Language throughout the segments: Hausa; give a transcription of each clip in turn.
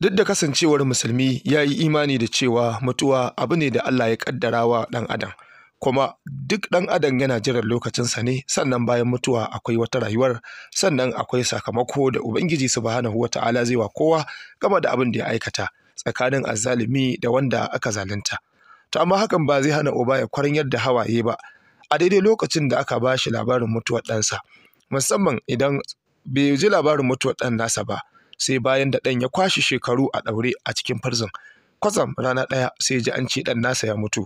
duk da kasancewar musulmi ya yi imani da cewa mutuwa abu ne da Allah ya kaddara wa ɗan adam kuma duk ɗan adam yana jiran lokacinsa ne sannan bayan mutuwa akwai wata rayuwar sannan akwai sakamako da ubangiji subhanahu wata'ala zai wa kowa game da abin da ya aikata tsakanin azzalumi da wanda aka zalunta to amma hakan ba zai hana uba ya kwarnyar da hawaye ba a daidai lokacin da aka ba shi labarin mutuwar ɗansa musamman idan bai ji labarin mutuwar ɗan nasa ba sai bayan da ɗan ya kwashe shekaru a ɗaure a cikin farzin kwatsam rana ɗaya sai ji an ce ɗan nasa ya mutu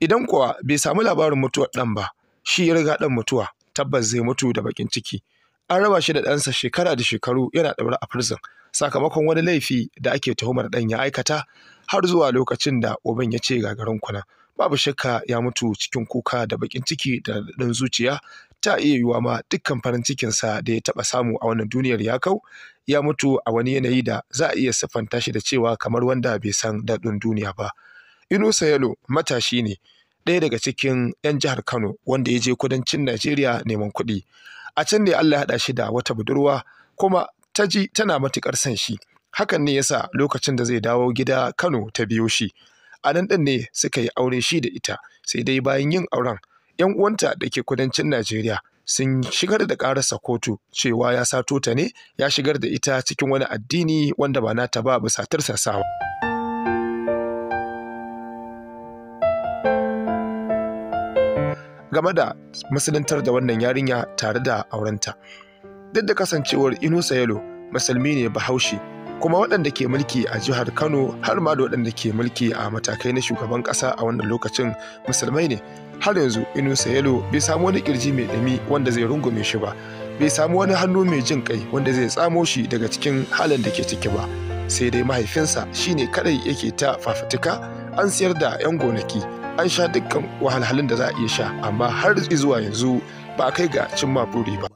idan kuwa bai samu labarin mutuwar ɗan ba shi ya riga ɗan mutuwa tabbas zai mutu da bakin ciki an raba shi da ɗansa shekara da shekaru yana ɗaure a farzin sakamakon wani laifi da ake tuhumar ɗan ya aikata har zuwa lokacin da uban ya ce gagarin kuna babu shakka ya mutu cikin kuka da bakin ciki da daɗin zuciya ta iya yiwuwa ma dukkan farin sa da ya taɓa samu a wannan duniyar ya kau ya mutu a wani yanayi da za a iya siffanta shi da cewa kamar wanda bai san daɗin duniya ba. Inusa Yalo matashi ne ɗaya daga cikin 'yan jihar Kano wanda ya je kudancin Najeriya neman kuɗi. A can ne Allah ya haɗa shi da wata budurwa kuma ta ji tana matuƙar son shi. Hakan ne yasa lokacin da zai dawo gida Kano ta biyo shi. A nan ɗin ne suka yi aure shi da ita sai dai bayan yin auren 'yan uwanta da ke kudancin Najeriya sun shigar da ƙararsa kotu cewa ya sato ta ne ya shigar da ita cikin wani addini wanda ba ta ba bisa tarsasawa. game da musuluntar da wannan yarinya tare da aurenta duk da kasancewar inusa yalo musulmi ne bahaushe kuma waɗanda ke mulki a jihar kano har ma da waɗanda ke mulki a matakai na shugaban ƙasa a wannan lokacin musulmai ne har yanzu inusa yalo bai samu wani kirji mai dami wanda zai rungume shi ba bai samu wani hannu mai jin kai wanda zai tsamo shi daga cikin halin da ke ciki ba sai dai mahaifinsa shine kadai yake ta fafutuka an siyar da 'yan gonaki an sha dukkan wahalhalun da za a iya sha amma har zuwa yanzu ba a kai ga cimma buri ba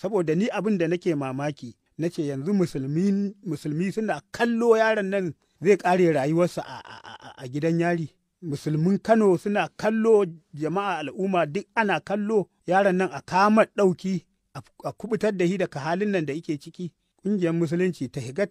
saboda ni abin da nake mamaki nace yanzu yanzu musulmi suna kallo yaron nan zai kare rayuwarsa a gidan yari musulmin Kano suna kallo jama'a al'umma duk ana kallo yaron nan a kamar ɗauki a kubutar da shi daga halin nan da yake ciki ƙungiyar musulunci ta higa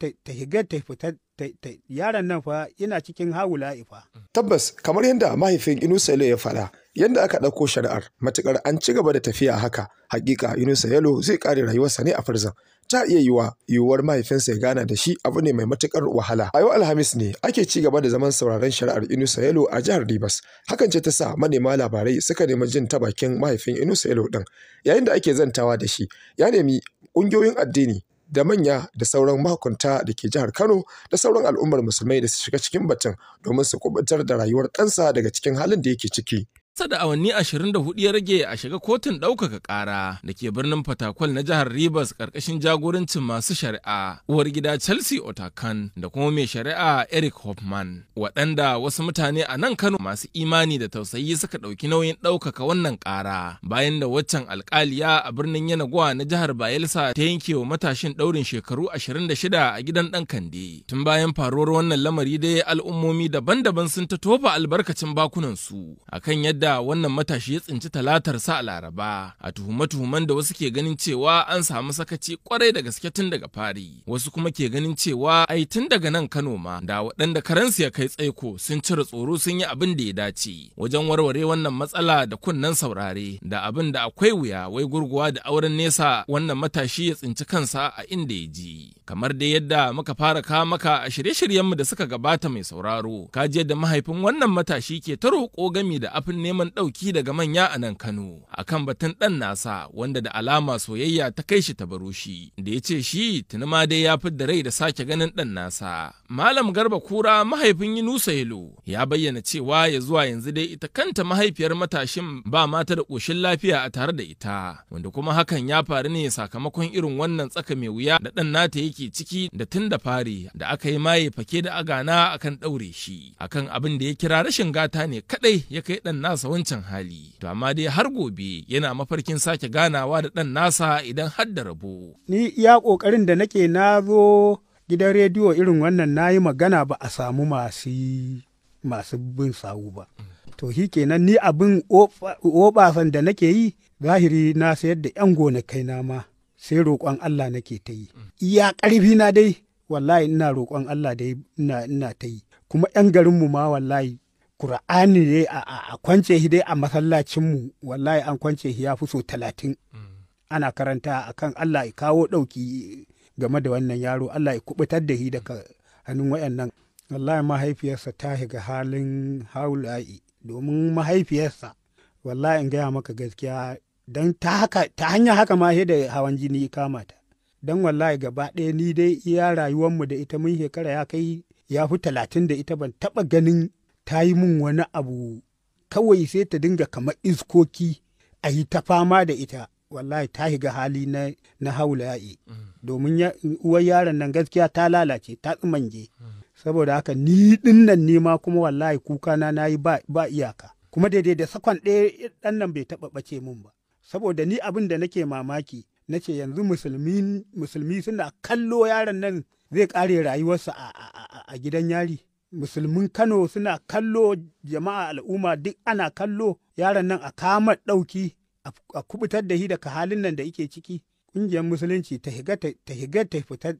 ta fita yaron nan fa yana cikin hawula fa. Tabbas kamar yadda mahaifin Inusa Yalo ya faɗa yadda aka ɗauko shari'ar matuƙar an ci gaba da tafiya haka hakika Inusa Yalo zai ƙare rayuwarsa ne a farzan ta iya yiwa yiwuwar mahaifinsa ya gana da shi abu ne mai matuƙar wahala a yau alhamis ne ake ci gaba da zaman sauraron shari'ar Inusa Yalo a jihar Rivers hakan ce ta sa manema labarai suka nemi jin ta bakin mahaifin Inusa Yalo ɗin, yayin da ake zantawa da shi ya nemi ƙungiyoyin addini da manya da sauran mahukunta da ke jihar Kano da sauran al'ummar musulmai da su shiga cikin batun domin su kubutar da rayuwar ɗansa daga cikin halin da yake ciki. kasa da awanni 24 ya rage a shiga kotun ɗaukaka ƙara da ke birnin Fatakwal na jihar Rivers ƙarƙashin jagorancin masu shari'a uwar gida Chelsea Otakan da kuma mai shari'a Eric Hoffman waɗanda wasu mutane a nan Kano masu imani da tausayi suka ɗauki nauyin ɗaukaka wannan ƙara bayan da waccan alƙaliya a birnin Yanagowa na jihar Bayelsa ta yanke wa matashin ɗaurin shekaru 26 a gidan ɗan Kande. Tun bayan faruwar wannan lamari dai al'ummomi daban-daban sun ta tofa albarkacin bakunansu akan yadda da wannan matashi ya tsinci talatar sa a laraba a tuhume tuhuman da wasu ke ganin cewa an samu sakaci kwarai da gaske tun daga fari wasu kuma ke ganin cewa ai tun daga nan kano ma da waɗanda karansu ya kai tsaiko sun cire tsoro sun yi abin da ya dace wajen warware wannan matsala da kunnen saurare da abin da akwai wuya wai gurguwa da auren nesa wannan matashi ya tsinci kansa a inda ya ji. kamar dai yadda muka fara kawo maka a shirye-shiryenmu da suka gabata mai sauraro ka je da mahaifin wannan matashi ke ta roƙo gami da afin neman ɗauki daga manya a nan Kano akan batun ɗan nasa wanda da alama soyayya ta kai shi ta baro da ya ce shi tuni ma dai ya fidda rai da sake ganin ɗan nasa Malam Garba Kura mahaifin Yunusa Yelo ya bayyana cewa ya zuwa yanzu dai ita kanta mahaifiyar matashin ba mata da ƙoshin lafiya a tare da ita wanda kuma hakan ya faru ne sakamakon irin wannan tsaka mai wuya da ɗan nata yake yake ciki da tun da fari da aka yi maye fake da agana akan ɗaure shi akan abin da ya kira rashin gata ne kaɗai ya kai ɗan nasa wancan hali to amma dai har gobe yana mafarkin sake ganawa da ɗan nasa idan har da rabo. ni iya kokarin da nake na zo gidan rediyo irin wannan nayi magana ba a samu masu masu bin sawu ba. To shi kenan ni abin obasan da nake yi zahiri na sayar da 'yan gonakai na ma sai roƙon Allah nake ta yi iya ƙarfi na dai wallahi ina roƙon Allah dai ina ina ta yi kuma yan garin mu ma wallahi Kur'ani ne a kwance shi dai a masallacinmu mu wallahi an kwance shi ya fi so talatin ana karanta a kan. Allah ya kawo ɗauki game da wannan yaro Allah ya kubutar da shi daga hannun wayannan wallahi mahaifiyarsa ta higa halin haula'i domin mahaifiyarsa wallahi in gaya maka gaskiya don ta hanyar haka ma da hawan jini kama ta don wallahi gaba ɗaya ni dai iya rayuwanmu da ita mun shekara ya kai ya fi talatin da ita ban taɓa ganin ta yi min wani abu kawai sai ta dinga kamar iskoki a yi ta fama da ita wallahi ta higa hali na, na haula'i domin uwar yaron nan gaskiya ta lalace ta tsimanje saboda haka ni din ne ma kuma wallahi kuka na nayi ba, ba iyaka kuma daidai da sakon ɗaya ɗan nan bai taɓa ɓace min ba saboda ni abin da nake mamaki na ce yanzu musulmi suna kallo yaron nan zai kare rayuwarsa a gidan yari musulmin kano suna kallo jama'a al'umma duk ana kallo yaron nan a kama ɗauki a kubutar da shi daga halin nan da yake ciki ƙungiyar musulunci ta higa ta fita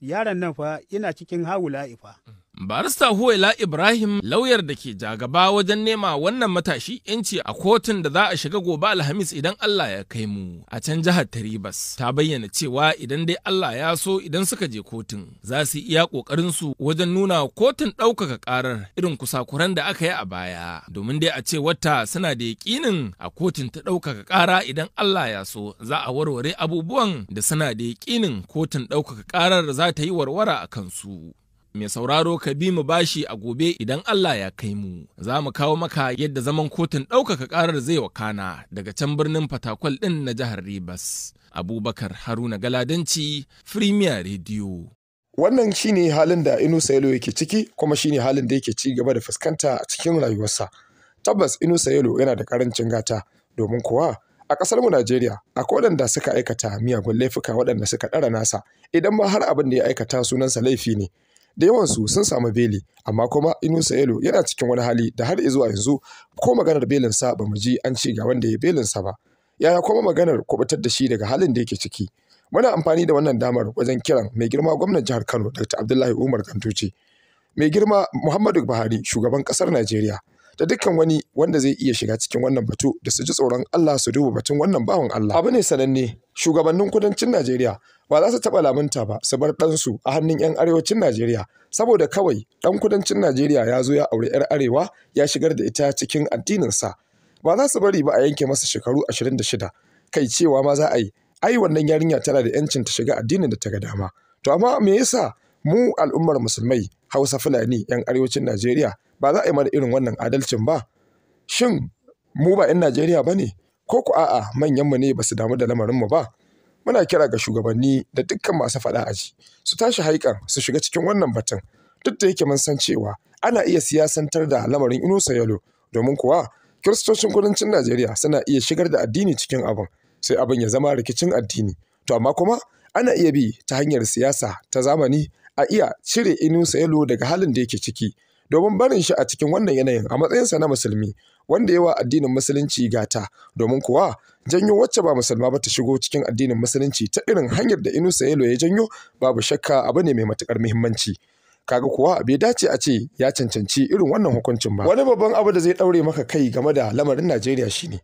yaron nan fa yana cikin hawula ifa. Mm. Barista Huwaila Ibrahim lauyar da ke jagaba wajen nema wannan matashi yanci a kotun da za a shiga gobe Alhamis idan Allah ya kai mu a can jihar Taribas ta bayyana cewa idan dai Allah ya so idan suka je kotun za su iya ƙoƙarinsu wajen nuna kotun ɗaukaka ƙarar irin kusakuran da aka yi a baya domin dai a ce wata suna da yaƙinin a kotun ta ɗaukaka ƙara idan Allah ya so za a warware abubuwan da suna da yaƙinin kotun ɗaukaka ƙarar za ta yi warwara a kansu mai sauraro ka bi mu bashi a gobe idan Allah ya kai mu. Za mu kawo maka yadda zaman kotun ɗaukaka ƙarar zai wakana daga can birnin fatakwal ɗin na jihar Ribas. Abubakar Haruna Galadanci, Premier Radio. Wannan shine halin da Inu Sayelo yake ciki kuma shine halin da yake ci gaba da fuskanta a cikin rayuwarsa. Tabbas Inu Sayelo yana da karancin gata domin kuwa a ƙasar mu Najeriya akwai waɗanda suka aikata miyagun laifuka waɗanda suka ɗara nasa idan ba har abin da ya aikata sunansa laifi ne da yawansu sun samu beli amma kuma Inusa yelo yana cikin wani hali da har zuwa yanzu ko maganar belinsa ba mu ji an ci ga wanda ya belinsa ba yaya kuma maganar kubutar da shi daga halin da yake ciki muna amfani da wannan damar wajen kiran mai girma gwamnan jihar Kano Dr. Abdullahi Umar gantuce mai girma Muhammadu Buhari shugaban kasar Najeriya da dukkan wani wanda zai iya shiga cikin wannan batu da su ji tsoron Allah su duba batun wannan bawan Allah abu ne sananne shugabannin kudancin Najeriya ba za su taɓa lamunta ba su bar ɗansu a hannun 'yan arewacin Najeriya saboda kawai ɗan kudancin Najeriya ya zo ya aure 'yar arewa ya shigar da ita cikin addininsa ba za su bari ba a yanke masa shekaru shida. kai cewa ma za a yi ai wannan yarinya tana da 'yancin ta shiga addinin da ta ga dama to amma me yasa mu al'ummar musulmai hausa fulani 'yan arewacin najeriya ba za a yi mana irin wannan adalcin ba shin mu ba 'yan najeriya ba ne ko ku a'a manyanmu ne ba su damu da lamarinmu ba muna kira ga shugabanni da dukkan masu faɗa a ji su tashi haikan su shiga cikin wannan batun duk da yake mun san cewa ana iya siyasantar da lamarin inusa yalo domin kuwa kiristocin kudancin najeriya suna iya shigar da addini cikin abin sai abin ya zama rikicin addini to amma kuma ana iya bi ta hanyar siyasa ta zamani a iya cire Inusa Yalo daga halin da yake ciki domin barin shi a cikin wannan yanayin a matsayinsa na musulmi wanda yawa addinin musulunci gata domin kuwa janyo wacce ba musulma ba ta shigo cikin addinin musulunci ta irin hanyar da Inusa Yalo ya janyo babu shakka abu ne mai matukar muhimmanci. kaga kuwa bai dace a ce ya cancanci irin wannan hukuncin ba wani babban abu da zai daure maka kai game da lamarin Najeriya shine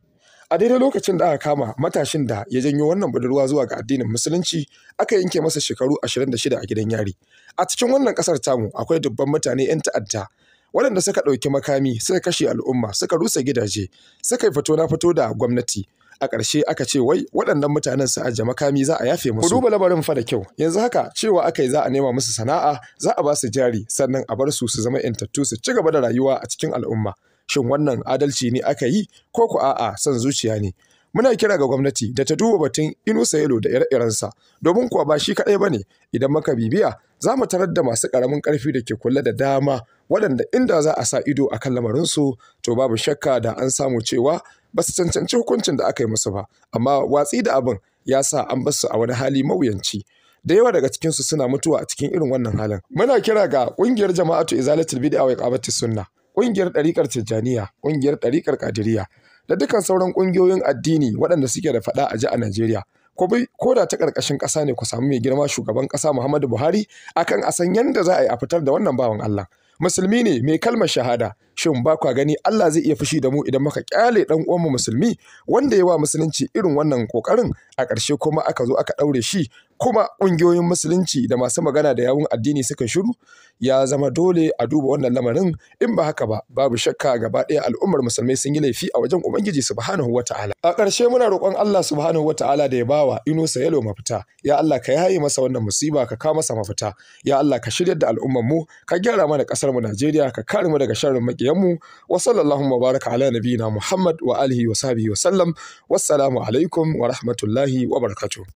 a daidai lokacin da aka kama matashin da ya janyo wannan budurwa zuwa ga addinin musulunci aka yanke masa shekaru 26 a gidan yari a cikin wannan kasar tamu akwai dubban mutane 'yan ta'adda waɗanda suka ɗauki makami suka kashe al'umma suka rusa gidaje suka fito na fito da gwamnati a ƙarshe aka ce wai waɗannan mutanen su ajiye makami za a yafe musu. Ku duba labarin fa da kyau, yanzu haka cewa aka yi za a nema musu sana'a, za a ba su jari, sannan a bar su su zama 'yan 'yantattu su ci gaba da rayuwa a cikin al'umma. shin wannan adalci ne aka yi ko ku a'a son zuciya ne muna kira ga gwamnati da ta duba batun inusa yalo da ire-irensa domin kuwa ba shi kaɗai ba ne idan maka bibiya za mu tarar da masu ƙaramin ƙarfi da ke kula da dama waɗanda inda za a sa ido a kan lamarinsu to babu shakka da an samu cewa ba su cancanci hukuncin da aka yi musu ba amma watsi da abin ya sa an basu a wani hali mawuyanci da yawa daga cikinsu suna mutuwa a cikin irin wannan halin muna kira ga ƙungiyar jama'atu izalatul bid'a wa iqamatis sunna ƙungiyar ɗariƙar Tijjaniya, ƙungiyar ɗariƙar Kadiriya da dukkan sauran ƙungiyoyin addini waɗanda suke da faɗa a ji a Najeriya. Ko da ta ƙarƙashin ƙasa ne ku samu mai girma shugaban ƙasa Muhammadu Buhari akan a san yadda za a yi a fitar da wannan bawan Allah. Musulmi ne mai kalmar shahada, shin ba kwa gani Allah zai iya fushi da mu idan muka ƙyale ɗan uwanmu musulmi wanda ya wa musulunci irin wannan ƙoƙarin? a ƙarshe kuma aka zo aka ɗaure shi kuma ƙungiyoyin musulunci da masu magana da yawun addini suka shiru ya zama dole a duba wannan lamarin in ba haka ba babu shakka gaba ɗaya al'ummar musulmai sun yi laifi a wajen ubangiji subhanahu wataala a ƙarshe muna roƙon Allah subhanahu wataala da ya bawa inusa yalo mafita ya Allah ka yaye masa wannan musiba ka kawo masa mafita ya Allah ka shiryar da al'ummar mu ka gyara mana ƙasar mu Najeriya ka kare mu daga sharrin maƙiyan mu wa sallallahu baraka ala nabiyina Muhammad wa alihi wa sahbihi wa sallam wassalamu alaikum wa rahmatullahi wa barakatuh